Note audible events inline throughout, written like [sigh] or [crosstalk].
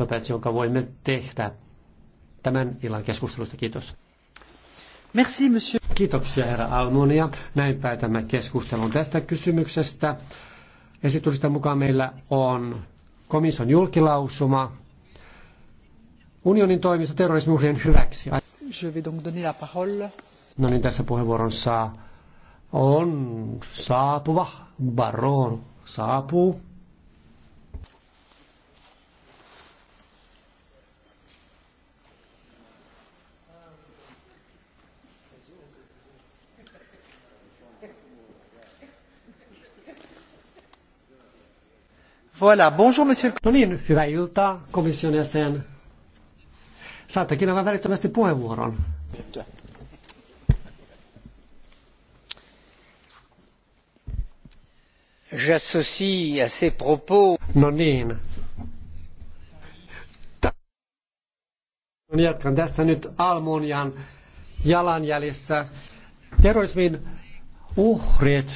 johtopäätös, jonka voimme tehdä tämän illan keskustelusta. Kiitos. Merci, monsieur. Kiitoksia, herra Almonia. Näin päätämme keskustelun tästä kysymyksestä. Esitystä mukaan meillä on komission julkilausuma unionin toimista terrorismiuhrien hyväksi. Je vais donc donner la parole. No niin, tässä puheenvuoron saa on saapuva, baron saapuu. Voilà, bonjour monsieur. No niin, hyvää iltaa komission jäsen. Saattekin aivan välittömästi puheenvuoron. J'associe à ces propos. No niin. No niin jatkan tässä nyt Almunian jalanjäljissä. Terrorismin uhrit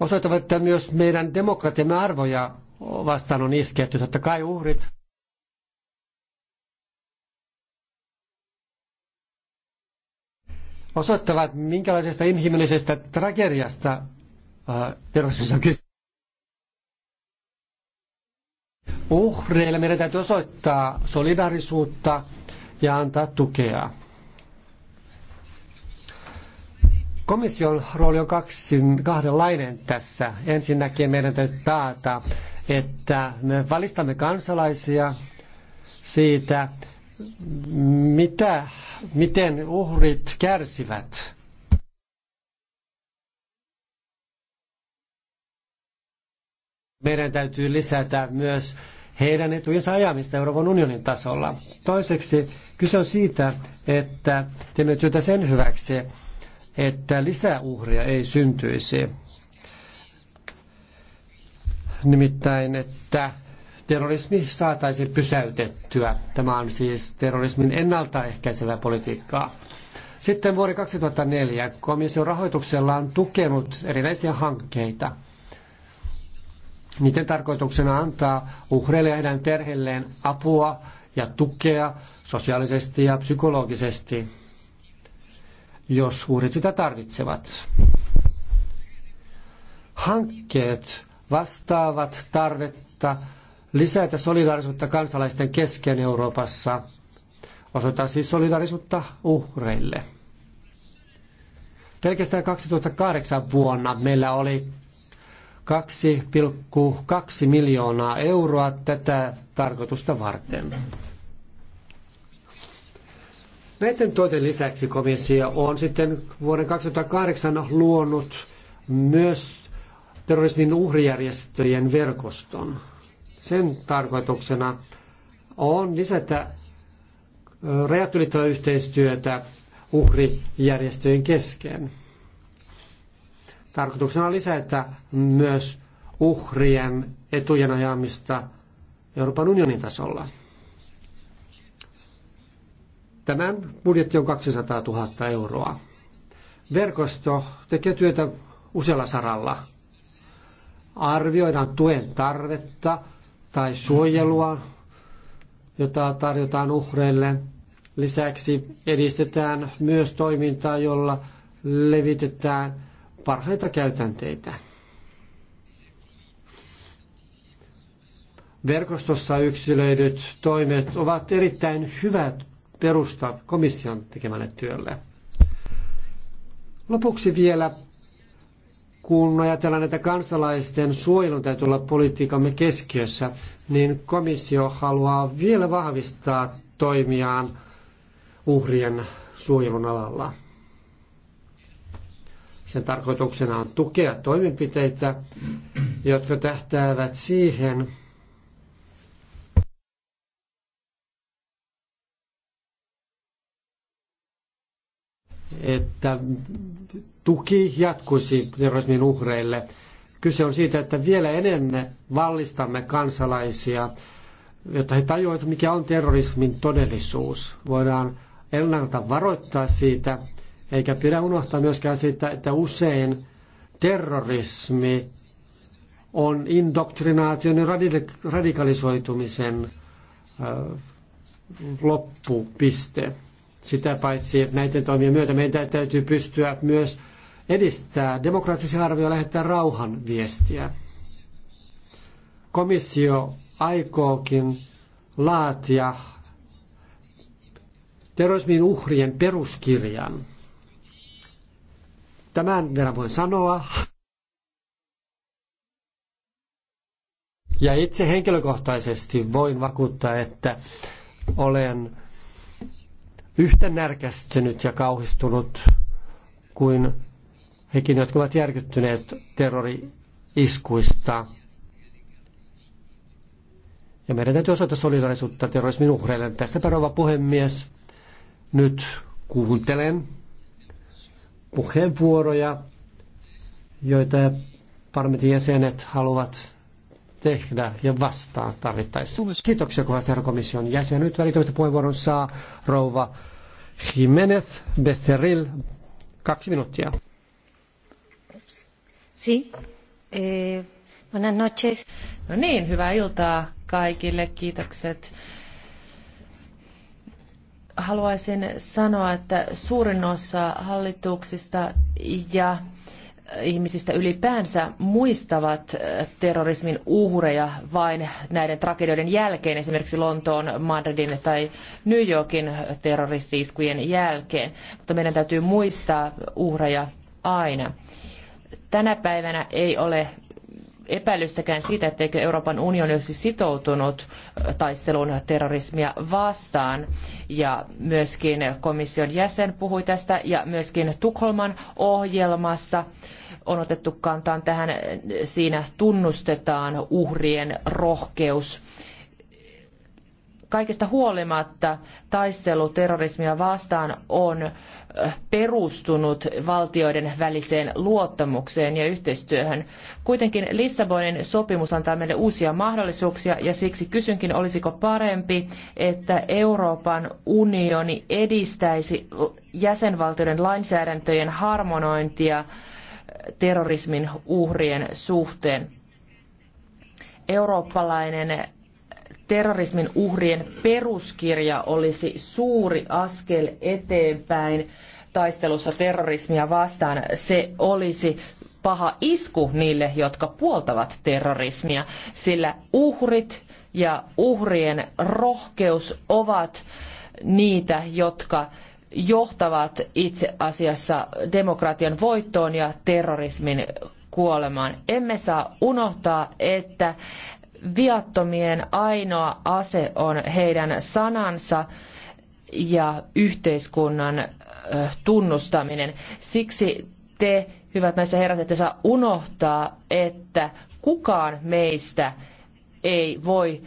osoittavat, että myös meidän demokratiamme arvoja vastaan on isketty. Totta kai uhrit osoittavat, minkälaisesta inhimillisestä tragediasta äh, terveysmissa on kyse. Uhreille meidän täytyy osoittaa solidaarisuutta ja antaa tukea. Komission rooli on kaksi, kahdenlainen tässä. Ensinnäkin meidän täytyy taata, että me valistamme kansalaisia siitä, mitä, miten uhrit kärsivät. Meidän täytyy lisätä myös heidän etujensa ajamista Euroopan unionin tasolla. Toiseksi kyse on siitä, että teemme työtä sen hyväksi, että lisäuhria ei syntyisi. Nimittäin, että terrorismi saataisiin pysäytettyä. Tämä on siis terrorismin ennaltaehkäisevää politiikkaa. Sitten vuoden 2004 komission rahoituksella on tukenut erilaisia hankkeita. Niiden tarkoituksena antaa uhreille ja heidän perheelleen apua ja tukea sosiaalisesti ja psykologisesti jos uhrit sitä tarvitsevat. Hankkeet vastaavat tarvetta lisätä solidaarisuutta kansalaisten kesken Euroopassa, osoittaa siis solidaarisuutta uhreille. Pelkästään 2008 vuonna meillä oli 2,2 miljoonaa euroa tätä tarkoitusta varten. Näiden toiden lisäksi komissio on sitten vuoden 2008 luonut myös terrorismin uhrijärjestöjen verkoston. Sen tarkoituksena on lisätä rajat ylittävää yhteistyötä uhrijärjestöjen kesken. Tarkoituksena on lisätä myös uhrien etujen ajamista Euroopan unionin tasolla. Tämän budjetti on 200 000 euroa. Verkosto tekee työtä usealla saralla. Arvioidaan tuen tarvetta tai suojelua, jota tarjotaan uhreille. Lisäksi edistetään myös toimintaa, jolla levitetään parhaita käytänteitä. Verkostossa yksilöidyt toimet ovat erittäin hyvät perusta komission tekemälle työlle. Lopuksi vielä, kun ajatellaan, että kansalaisten suojelun täytyy olla politiikamme keskiössä, niin komissio haluaa vielä vahvistaa toimiaan uhrien suojelun alalla. Sen tarkoituksena on tukea toimenpiteitä, jotka tähtäävät siihen, että tuki jatkuisi terrorismin uhreille. Kyse on siitä, että vielä enemmän vallistamme kansalaisia, jotta he tajuavat, mikä on terrorismin todellisuus. Voidaan ennalta varoittaa siitä, eikä pidä unohtaa myöskään siitä, että usein terrorismi on indoktrinaation ja radikalisoitumisen loppupiste. Sitä paitsi näiden toimien myötä meidän täytyy pystyä myös edistää demokraattisia arvoja lähettää rauhan viestiä. Komissio aikookin laatia terrorismin uhrien peruskirjan. Tämän verran voin sanoa. Ja itse henkilökohtaisesti voin vakuuttaa, että olen yhtä närkästynyt ja kauhistunut kuin hekin, jotka ovat järkyttyneet terrori-iskuista. Ja meidän täytyy osoittaa solidaarisuutta terrorismin uhreille. Tästä rouva puhemies, nyt kuuntelen puheenvuoroja, joita parlamentin jäsenet haluavat tehdä ja vastaan tarvittaessa. Kiitoksia kovasti herra komission jäsen. Nyt välittömästi puheenvuoron saa rouva Jimenez Becerril. Kaksi minuuttia. Si. Eh, buenas noches. No niin, hyvää iltaa kaikille. Kiitokset haluaisin sanoa, että suurin osa hallituksista ja ihmisistä ylipäänsä muistavat äh, terrorismin uhreja vain näiden tragedioiden jälkeen, esimerkiksi Lontoon, Madridin tai New Yorkin terroristiiskujen jälkeen. Mutta meidän täytyy muistaa uhreja aina. Tänä päivänä ei ole epäilystäkään siitä, etteikö Euroopan unioni olisi sitoutunut taisteluun terrorismia vastaan. Ja myöskin komission jäsen puhui tästä ja myöskin Tukholman ohjelmassa on otettu kantaan tähän. Siinä tunnustetaan uhrien rohkeus kaikesta huolimatta taistelu terrorismia vastaan on eh, perustunut valtioiden väliseen luottamukseen ja yhteistyöhön. Kuitenkin Lissabonin sopimus antaa meille uusia mahdollisuuksia ja siksi kysynkin, olisiko parempi, että Euroopan unioni edistäisi jäsenvaltioiden lainsäädäntöjen harmonointia eh, terrorismin uhrien suhteen. Eurooppalainen terrorismin uhrien peruskirja olisi suuri askel eteenpäin taistelussa terrorismia vastaan. Se olisi paha isku niille, jotka puoltavat terrorismia, sillä uhrit ja uhrien rohkeus ovat niitä, jotka johtavat itse asiassa demokratian voittoon ja terrorismin kuolemaan. Emme saa unohtaa, että viattomien ainoa ase on heidän sanansa ja yhteiskunnan tunnustaminen. Siksi te, hyvät naiset herrat, ette saa unohtaa, että kukaan meistä ei voi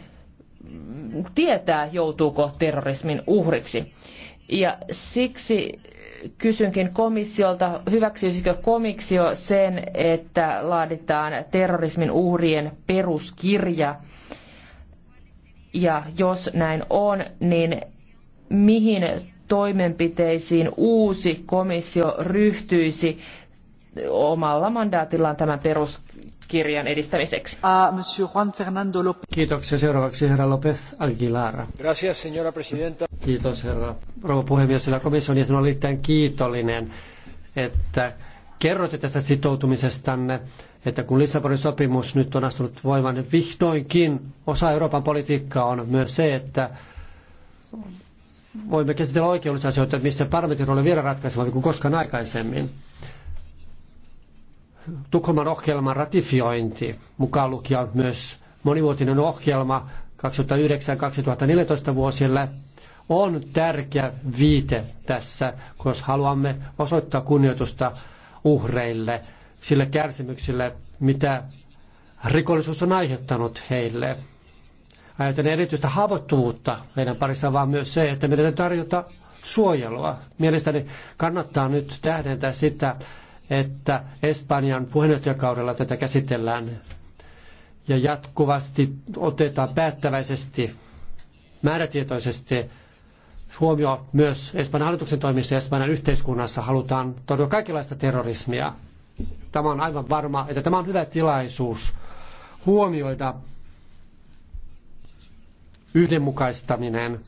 mm, tietää, joutuuko terrorismin uhriksi. Ja siksi Kysynkin komissiolta, hyväksyisikö komissio sen, että laaditaan terrorismin uhrien peruskirja? Ja jos näin on, niin mihin toimenpiteisiin uusi komissio ryhtyisi omalla mandaatillaan tämän peruskirjan kirjan edistämiseksi. Kiitoksia. Seuraavaksi herra López Aguilar. Gracias, señora presidenta. Kiitos herra rouva puhemies. Sillä komission jäsen on erittäin kiitollinen, että kerroitte tästä sitoutumisestanne, että kun Lissabonin sopimus nyt on astunut voimaan, niin vihdoinkin osa Euroopan politiikkaa on myös se, että voimme käsitellä oikeudellisia asioita, missä parlamentin rooli on vielä ratkaisevampi kuin koskaan aikaisemmin. Tukholman ohjelman ratifiointi, mukaan lukien myös monivuotinen ohjelma 2009-2014 vuosille, on tärkeä viite tässä, koska haluamme osoittaa kunnioitusta uhreille, sille kärsimyksille, mitä rikollisuus on aiheuttanut heille. Ajatellen erityistä haavoittuvuutta meidän parissa vaan myös se, että meidän täytyy tarjota suojelua. Mielestäni kannattaa nyt tähdentää sitä, että Espanjan puheenjohtajakaudella tätä käsitellään ja jatkuvasti otetaan päättäväisesti, määrätietoisesti huomio myös Espanjan hallituksen toimissa ja Espanjan yhteiskunnassa halutaan torjua kaikenlaista terrorismia. Tämä on aivan varma, että tämä on hyvä tilaisuus huomioida yhdenmukaistaminen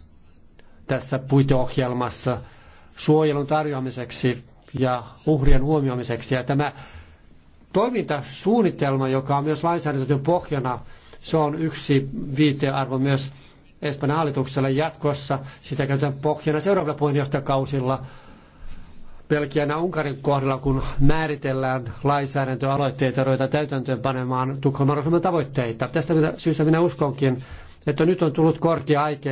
tässä puiteohjelmassa suojelun tarjoamiseksi ja uhrien huomioimiseksi. Ja tämä toimintasuunnitelma, joka on myös lainsäädäntötyön pohjana, se on yksi viitearvo myös Espanjan hallitukselle jatkossa. Sitä käytetään pohjana seuraavilla puheenjohtajakausilla Belgian ja Unkarin kohdalla, kun määritellään lainsäädäntöaloitteita ja ruvetaan täytäntöön panemaan Tukholman ohjelman tavoitteita. Tästä syystä minä uskonkin, että nyt on tullut korkea aika,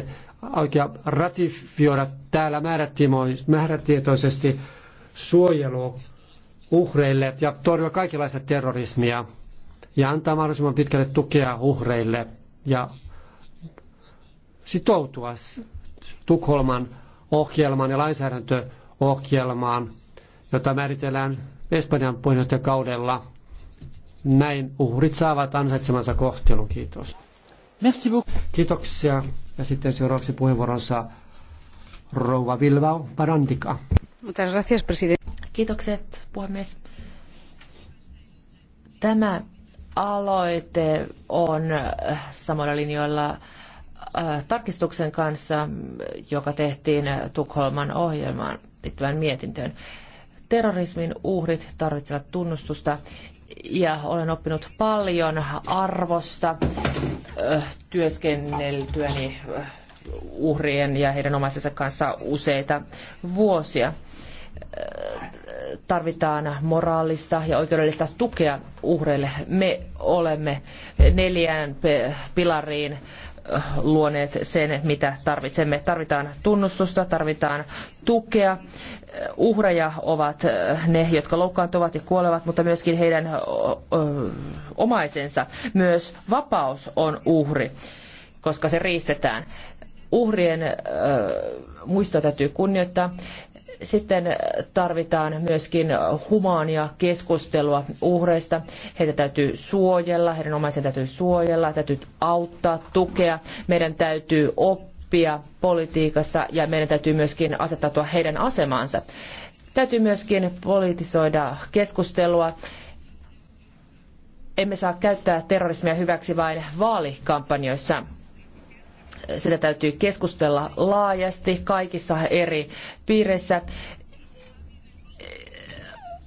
oikea ratifioida täällä määrätietoisesti suojelu uhreille ja torjua kaikenlaista terrorismia ja antaa mahdollisimman pitkälle tukea uhreille ja sitoutua Tukholman ohjelmaan ja lainsäädäntöohjelmaan, jota määritellään Espanjan puheenjohtajakaudella. Näin uhrit saavat ansaitsemansa kohtelun. Kiitos. Merci Kiitoksia. Ja sitten seuraavaksi puheenvuoronsa rouva Vilvau Parandika. Kiitokset, puhemies. Tämä aloite on äh, samoilla linjoilla äh, tarkistuksen kanssa, joka tehtiin Tukholman ohjelmaan liittyvän mietintöön. Terrorismin uhrit tarvitsevat tunnustusta ja olen oppinut paljon arvosta äh, työskenneltyäni uhrien ja heidän omaisensa kanssa useita vuosia tarvitaan moraalista ja oikeudellista tukea uhreille. Me olemme neljään pilariin eh, luoneet sen, mitä tarvitsemme. Tarvitaan tunnustusta, tarvitaan tukea. Eh, uhreja ovat eh, ne, jotka loukkaantuvat ja kuolevat, mutta myöskin heidän omaisensa. Myös vapaus on uhri, koska se riistetään. Uhrien muistoa täytyy kunnioittaa. Sitten tarvitaan myöskin humaania keskustelua uhreista. Heitä täytyy suojella, heidän omaisen täytyy suojella, täytyy auttaa, tukea. Meidän täytyy oppia politiikassa ja meidän täytyy myöskin asettautua heidän asemaansa. Täytyy myöskin politisoida keskustelua emme saa käyttää terrorismia hyväksi vain vaalikampanjoissa sitä täytyy keskustella laajasti kaikissa eri piireissä.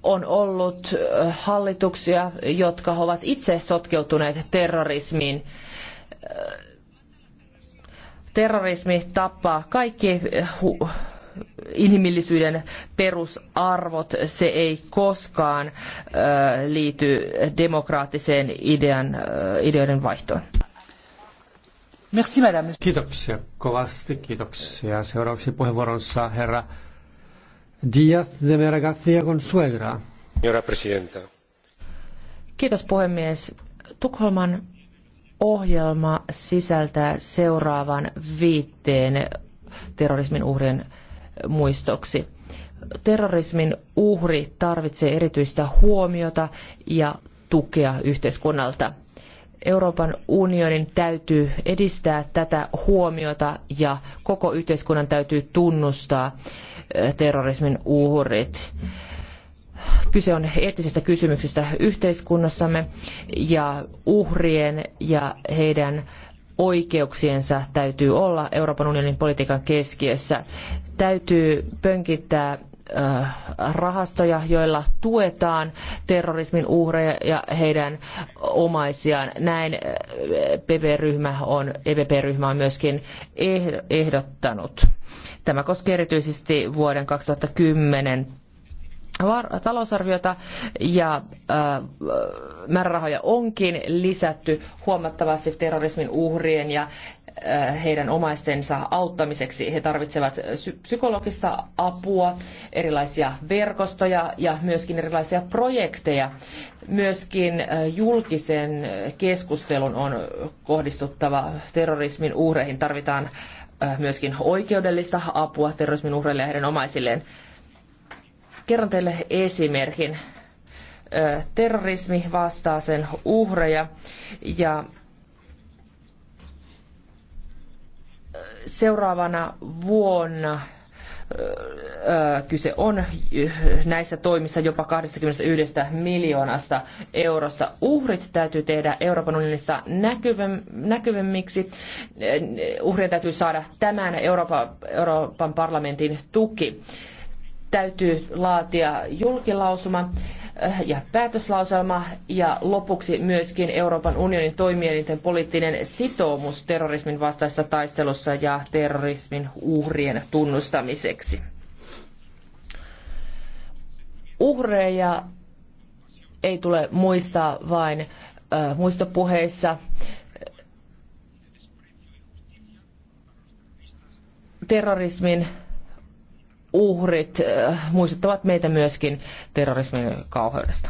On ollut hallituksia, jotka ovat itse sotkeutuneet terrorismiin terrorismi tappaa kaikki inhimillisyyden perusarvot. Se ei koskaan liity demokraattiseen idean, ideoiden vaihtoon. Merci, madame. Kiitoksia kovasti, kiitoksia. Seuraavaksi puheenvuoronsa herra Díaz de Meragacia Consuegra. Señora presidenta. Kiitos puhemies. Tukholman ohjelma sisältää seuraavan viitteen terrorismin uhrien muistoksi. Terrorismin uhri tarvitsee erityistä huomiota ja tukea yhteiskunnalta. Euroopan unionin täytyy edistää tätä huomiota ja koko yhteiskunnan täytyy tunnustaa eh, terrorismin uhrit. Kyse on eettisestä kysymyksistä yhteiskunnassamme ja uhrien ja heidän oikeuksiensa täytyy olla Euroopan unionin politiikan keskiössä. Täytyy pönkittää Äh, rahastoja, joilla tuetaan terrorismin uhreja ja heidän omaisiaan. Näin äh, PP-ryhmä on, EPP-ryhmä on myöskin ehdottanut. Tämä koskee erityisesti vuoden 2010 talousarviota ja äh, määrärahoja onkin lisätty huomattavasti terrorismin uhrien ja Äh, heidän omaistensa auttamiseksi. He tarvitsevat psykologista apua, erilaisia verkostoja ja myöskin erilaisia projekteja. Myöskin äh, julkisen keskustelun on kohdistuttava terrorismin uhreihin. Tarvitaan äh, myöskin oikeudellista apua terrorismin uhreille ja heidän omaisilleen. Kerron teille esimerkin. Terrorismi vastaa sen uhreja ja seuraavana vuonna kyse on näissä toimissa jopa 21 miljoonasta eurosta. Uhrit täytyy tehdä Euroopan unionissa näkyvämmiksi. Uhrien täytyy saada tämän Euroopan, Euroopan parlamentin tuki. Täytyy laatia julkilausuma Äh, ja päätöslauselma ja lopuksi myöskin Euroopan unionin toimielinten poliittinen sitoumus terrorismin vastaisessa taistelussa ja terrorismin uhrien tunnustamiseksi. Uhreja ei tule muistaa vain äh, muistopuheissa. Terrorismin uhrit äh, muistuttavat meitä myöskin terrorismin kauheudesta.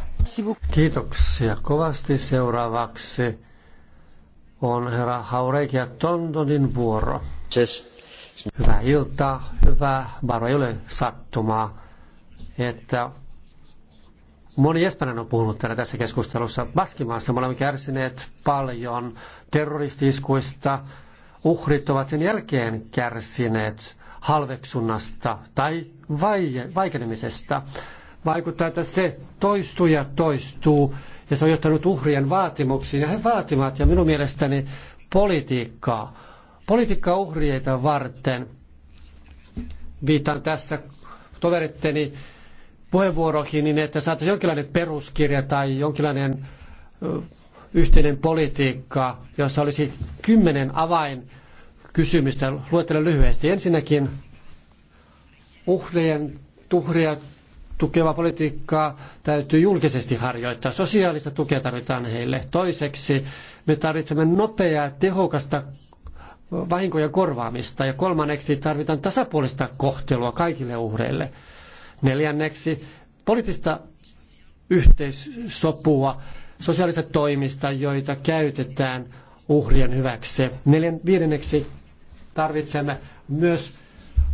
Kiitoksia kovasti. Seuraavaksi on herra Haureki Tontonin vuoro. Hyvää iltaa, hyvää varo ei ole sattumaa, että moni Espanjan on puhunut täällä tässä keskustelussa. Baskimaassa me olemme kärsineet paljon terroristiskuista, uhrit ovat sen jälkeen kärsineet halveksunnasta tai vaikenemisesta. Vaikuttaa, että se toistuu ja toistuu ja se on johtanut uhrien vaatimuksiin ja he vaativat ja minun mielestäni politiikkaa. Politiikka uhrieita varten. viitan tässä toveritteni puheenvuoroihin, niin että saataisiin jonkinlainen peruskirja tai jonkinlainen yhteinen politiikka, jossa olisi kymmenen avain kysymystä. Luettelen lyhyesti. Ensinnäkin uhrien tuhreja tukevaa politiikkaa täytyy julkisesti harjoittaa. Sosiaalista tukea tarvitaan heille. Toiseksi me tarvitsemme nopeaa, tehokasta vahinkojen korvaamista. Ja kolmanneksi tarvitaan tasapuolista kohtelua kaikille uhreille. Neljänneksi poliittista yhteissopua sosiaalista toimista, joita käytetään uhrien hyväksi. Neljän, viidenneksi tarvitsemme myös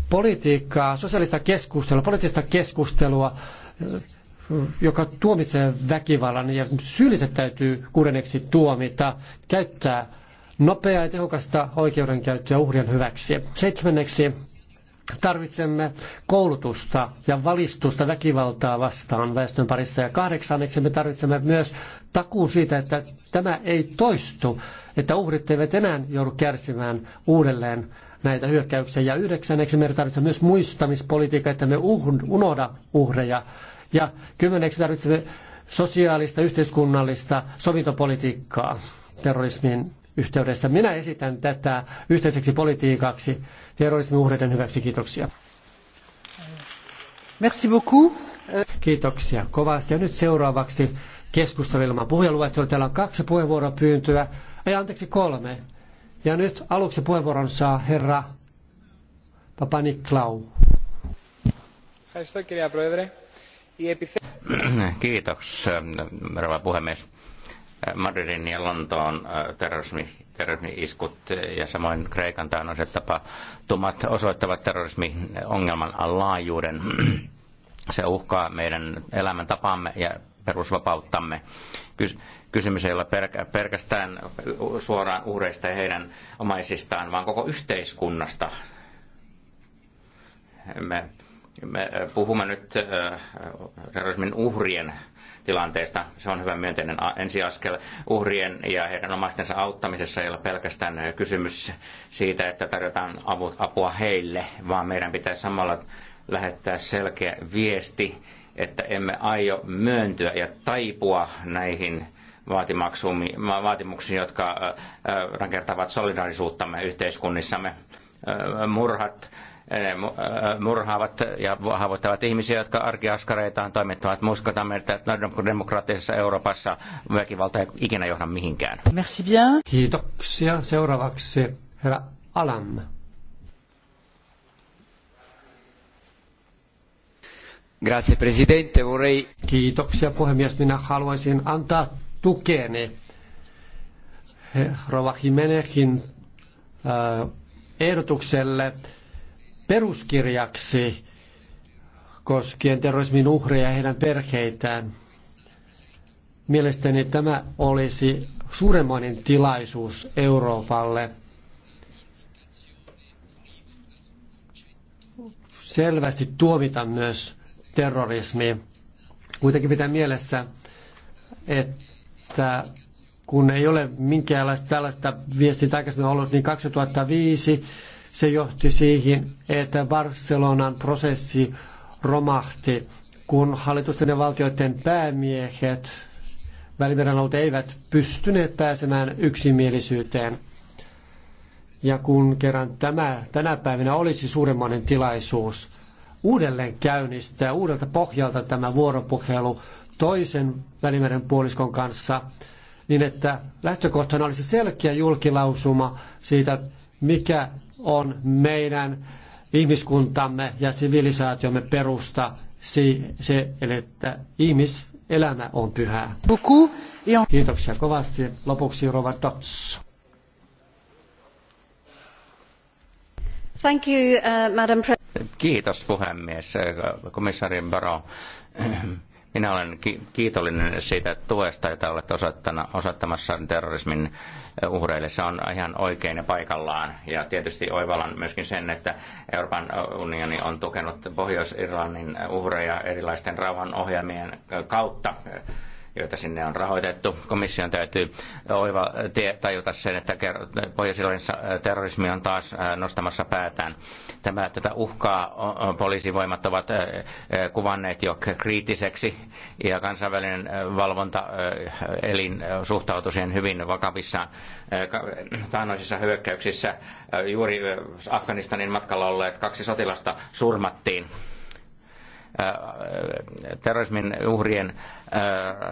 politiikkaa, sosiaalista keskustelua, poliittista keskustelua, joka tuomitsee väkivallan ja syylliset täytyy kuudenneksi tuomita, käyttää nopeaa ja tehokasta oikeudenkäyttöä uhrien hyväksi. Seitsemänneksi Tarvitsemme koulutusta ja valistusta väkivaltaa vastaan väestön parissa. Ja kahdeksanneksi me tarvitsemme myös takuun siitä, että tämä ei toistu, että uhrit eivät enää joudu kärsimään uudelleen näitä hyökkäyksiä. Ja yhdeksänneksi me tarvitsemme myös muistamispolitiikkaa, että me uh- unohda uhreja. Ja kymmeneksi tarvitsemme sosiaalista, yhteiskunnallista sovintopolitiikkaa terrorismin yhteydessä. Minä esitän tätä yhteiseksi politiikaksi terrorismin uhreiden hyväksi. Kiitoksia. Merci beaucoup. Kiitoksia kovasti. Ja nyt seuraavaksi keskustelu ilman puhujaluettelua. Täällä on kaksi puheenvuoropyyntöä. Ei, anteeksi, kolme. Ja nyt aluksi puheenvuoron saa herra Papani Klau. Kiitos, rouva puhemies Äh, Madridin ja Lontoon äh, terrorismi, terrorismi-iskut ja samoin Kreikan taannoiset tapahtumat osoittavat terrorismi ongelman laajuuden. [clears throat] Se uhkaa meidän elämäntapaamme ja perusvapauttamme. Kysymys ei ole pelkästään suoraan uhreista ja heidän omaisistaan, vaan koko yhteiskunnasta. Me, me puhumme nyt äh, terrorismin uhrien tilanteesta. Se on hyvä myönteinen ensiaskel uhrien ja heidän omaistensa auttamisessa ei ole pelkästään kysymys siitä, että tarjotaan apua heille, vaan meidän pitää samalla lähettää selkeä viesti, että emme aio myöntyä ja taipua näihin vaatimuksiin, jotka rakentavat solidaarisuuttamme yhteiskunnissamme murhat, murhaavat ja haavoittavat ihmisiä, jotka arkiaskareitaan toimittavat. Muistetaan, no, että demokraattisessa Euroopassa väkivalta ei ikinä johda mihinkään. Merci bien. Kiitoksia. Seuraavaksi herra Alan. Grazie presidente, vorrei... Kiitoksia puhemies. Minä haluaisin antaa tukeni Rova Jimenekin äh, ehdotukselle peruskirjaksi koskien terrorismin uhreja ja heidän perheitään. Mielestäni tämä olisi suuremmoinen tilaisuus Euroopalle selvästi tuomita myös terrorismi. Kuitenkin pitää mielessä, että kun ei ole minkäänlaista tällaista viestintä aikaisemmin ollut, niin 2005 se johti siihen, että Barcelonan prosessi romahti, kun hallitusten ja valtioiden päämiehet Välimeren eivät pystyneet pääsemään yksimielisyyteen. Ja kun kerran tämä tänä päivänä olisi suuremmoinen tilaisuus uudelleen käynnistää uudelta pohjalta tämä vuoropuhelu toisen Välimeren puoliskon kanssa, niin että lähtökohtana olisi selkeä julkilausuma siitä, mikä on meidän ihmiskuntamme ja sivilisaatiomme perusta se, että ihmiselämä on pyhää. Kiitoksia kovasti. Lopuksi Rova Dots. Thank you, uh, Madam President. Kiitos puhemies, komissaari Baro minä olen kiitollinen siitä tuesta, jota olet osoittamassa terrorismin eh, uhreille. Se on ihan oikein ja paikallaan. Ja tietysti oivallan myöskin sen, että Euroopan eh, unioni on tukenut Pohjois-Irlannin eh, uhreja erilaisten rauhanohjelmien kautta joita sinne on rahoitettu. Komission täytyy oiva tie, tajuta sen, että pohjois äh, terrorismi on taas äh, nostamassa päätään. Tämä, tätä uhkaa poliisivoimat ovat äh, kuvanneet jo kriittiseksi ja kansainvälinen valvonta elin suhtautui siihen hyvin vakavissa taannoisissa hyökkäyksissä. Juuri Afganistanin matkalla olleet kaksi sotilasta surmattiin Äh, terrorismin uhrien äh,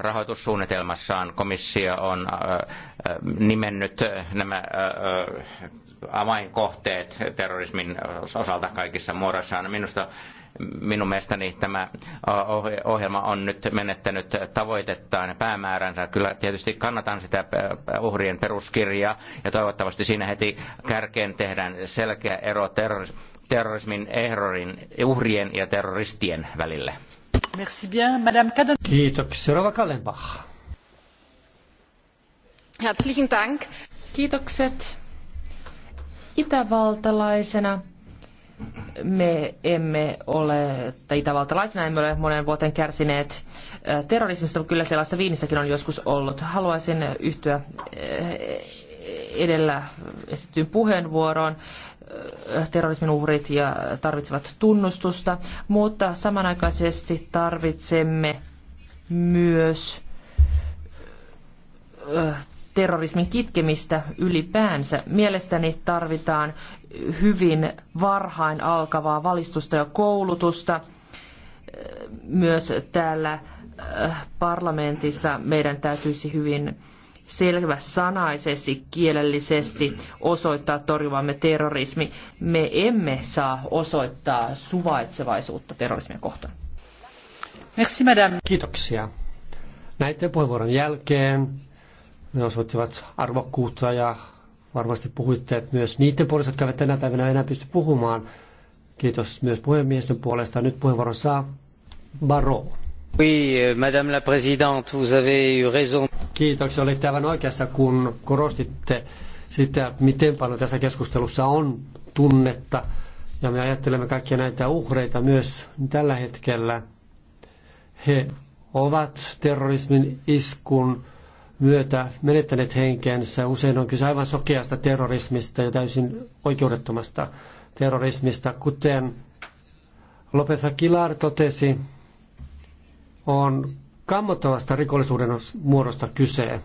rahoitussuunnitelmassaan komissio on äh, nimennyt nämä avainkohteet terrorismin osalta kaikissa muodossaan. Minusta Minun mielestäni tämä ohjelma on nyt menettänyt tavoitettaan päämääränsä. Kyllä tietysti kannatan sitä uhrien peruskirjaa ja toivottavasti siinä heti kärkeen tehdään selkeä ero terrorismin ehdorin, uhrien ja terroristien välille. Merci bien, Madame Kadon. Kiitoksia, Rova Kallenbach. Herzlichen Dank. Kiitokset. Itävaltalaisena me emme ole, tai itävaltalaisina emme ole monen vuoteen kärsineet terrorismista, mutta kyllä sellaista Viinissäkin on joskus ollut. Haluaisin yhtyä edellä esitettyyn puheenvuoroon. Terrorismin uhrit ja tarvitsevat tunnustusta, mutta samanaikaisesti tarvitsemme myös terrorismin kitkemistä ylipäänsä. Mielestäni tarvitaan hyvin varhain alkavaa valistusta ja koulutusta. Myös täällä äh, parlamentissa meidän täytyisi hyvin selväsanaisesti, kielellisesti osoittaa torjuvamme terrorismi. Me emme saa osoittaa suvaitsevaisuutta terrorismia kohtaan. Merci, madame. Kiitoksia. Näiden puheenvuoron jälkeen ne osoittivat arvokkuutta ja varmasti puhuitte myös niiden puolesta, jotka eivät tänä päivänä enää pysty puhumaan. Kiitos myös puhemiehistön puolesta. Nyt puheenvuoro saa Baro. Oui, madame la présidente, vous avez eu raison. Kiitos, olitte aivan oikeassa, kun korostitte sitä, miten paljon tässä keskustelussa on tunnetta. Ja me ajattelemme kaikkia näitä uhreita myös tällä hetkellä. He ovat terrorismin iskun myötä menettäneet henkensä. Usein on kyse aivan sokeasta terrorismista ja täysin oikeudettomasta terrorismista. Kuten Lopez Aguilar totesi, on kammottavasta rikollisuuden muodosta kyse.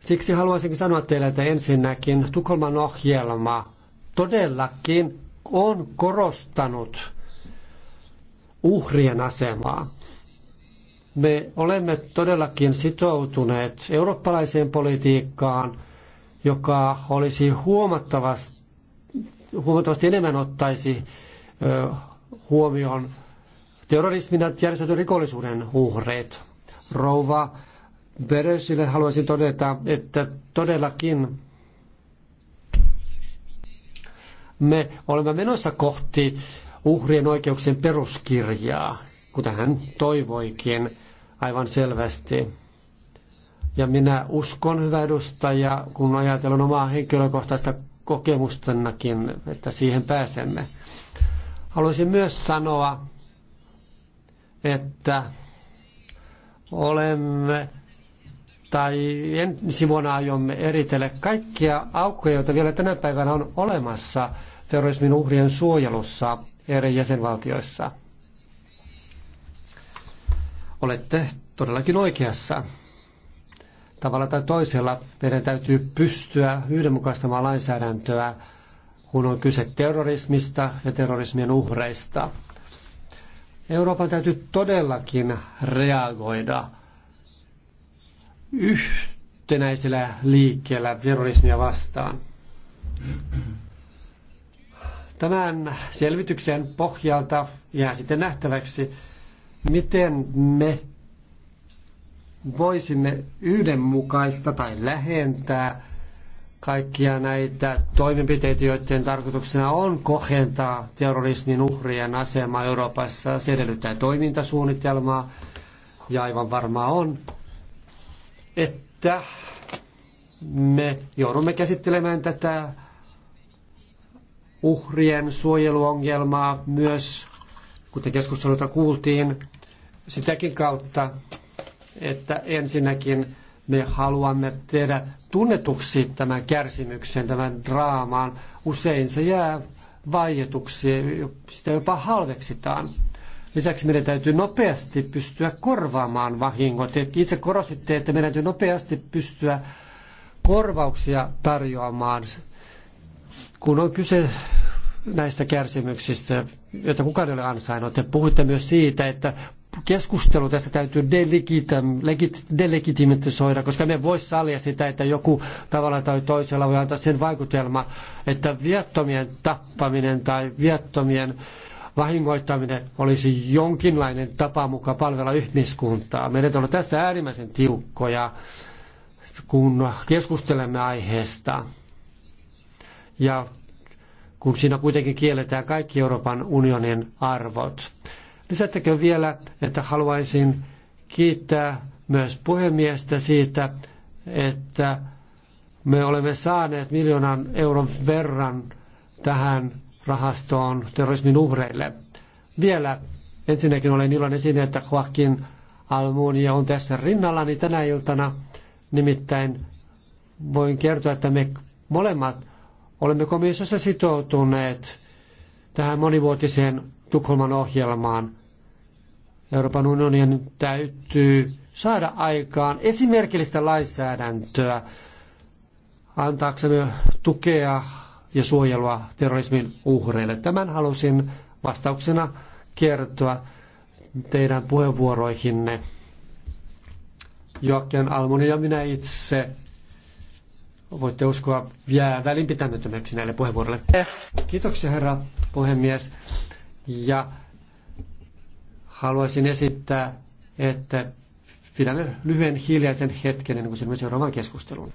Siksi haluaisinkin sanoa teille, että ensinnäkin Tukholman ohjelma todellakin on korostanut uhrien asemaa. Me olemme todellakin sitoutuneet eurooppalaiseen politiikkaan, joka olisi huomattavasti, huomattavasti enemmän ottaisi huomioon terrorismin ja järjestetyn rikollisuuden uhreet. Rouva Beresille haluaisin todeta, että todellakin me olemme menossa kohti uhrien oikeuksien peruskirjaa kuten hän toivoikin aivan selvästi. Ja minä uskon, hyvä edustaja, kun ajatellaan omaa henkilökohtaista kokemustennakin, että siihen pääsemme. Haluaisin myös sanoa, että olemme tai ensi vuonna aiomme eritellä kaikkia aukkoja, joita vielä tänä päivänä on olemassa terrorismin uhrien suojelussa eri jäsenvaltioissa. Olette todellakin oikeassa. Tavalla tai toisella meidän täytyy pystyä yhdenmukaistamaan lainsäädäntöä, kun on kyse terrorismista ja terrorismien uhreista. Euroopan täytyy todellakin reagoida yhtenäisellä liikkeellä terrorismia vastaan. Tämän selvityksen pohjalta jää sitten nähtäväksi, miten me voisimme yhdenmukaista tai lähentää kaikkia näitä toimenpiteitä, joiden tarkoituksena on kohentaa terrorismin uhrien asemaa Euroopassa. Se edellyttää toimintasuunnitelmaa ja aivan varmaa on, että me joudumme käsittelemään tätä uhrien suojeluongelmaa myös, kuten keskustelulta kuultiin, sitäkin kautta, että ensinnäkin me haluamme tehdä tunnetuksi tämän kärsimyksen, tämän draamaan. Usein se jää vaietuksi, sitä jopa halveksitaan. Lisäksi meidän täytyy nopeasti pystyä korvaamaan vahingot. Itse korostitte, että meidän täytyy nopeasti pystyä korvauksia tarjoamaan, kun on kyse näistä kärsimyksistä, joita kukaan ei ole ansainnut. Ja puhuitte myös siitä, että keskustelu tästä täytyy delegitimisoida, koska me voi salia sitä, että joku tavalla tai toisella voi antaa sen vaikutelma, että viattomien tappaminen tai viattomien vahingoittaminen olisi jonkinlainen tapa mukaan palvella ihmiskuntaa. Meidän on tässä äärimmäisen tiukkoja, kun keskustelemme aiheesta. Ja kun siinä kuitenkin kielletään kaikki Euroopan unionin arvot. Lisättäkö vielä, että haluaisin kiittää myös puhemiestä siitä, että me olemme saaneet miljoonan euron verran tähän rahastoon terrorismin uhreille. Vielä ensinnäkin olen iloinen siinä, että Joaquin Almunia on tässä rinnallani tänä iltana. Nimittäin voin kertoa, että me molemmat olemme komissiossa sitoutuneet tähän monivuotiseen Tukholman ohjelmaan – Euroopan unionin täytyy saada aikaan esimerkillistä lainsäädäntöä antaaksemme tukea ja suojelua terrorismin uhreille. Tämän halusin vastauksena kertoa teidän puheenvuoroihinne. Joakken Almoni ja minä itse voitte uskoa jää välinpitämättömäksi näille puheenvuoroille. Kiitoksia herra puhemies. Ja haluaisin esittää, että pidämme lyhyen hiljaisen hetken ennen kuin seuraavaan keskusteluun.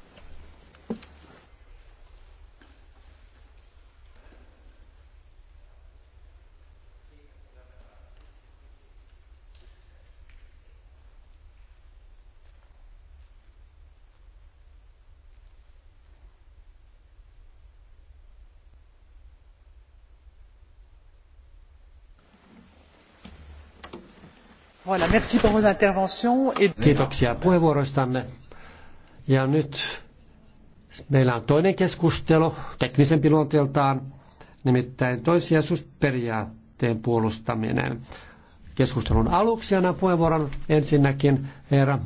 Kiitoksia puheenvuoroistanne. Ja nyt meillä on toinen keskustelu, teknisempi luonteeltaan, nimittäin toissijaisuusperiaatteen puolustaminen. Keskustelun aluksi annan puheenvuoron ensinnäkin herra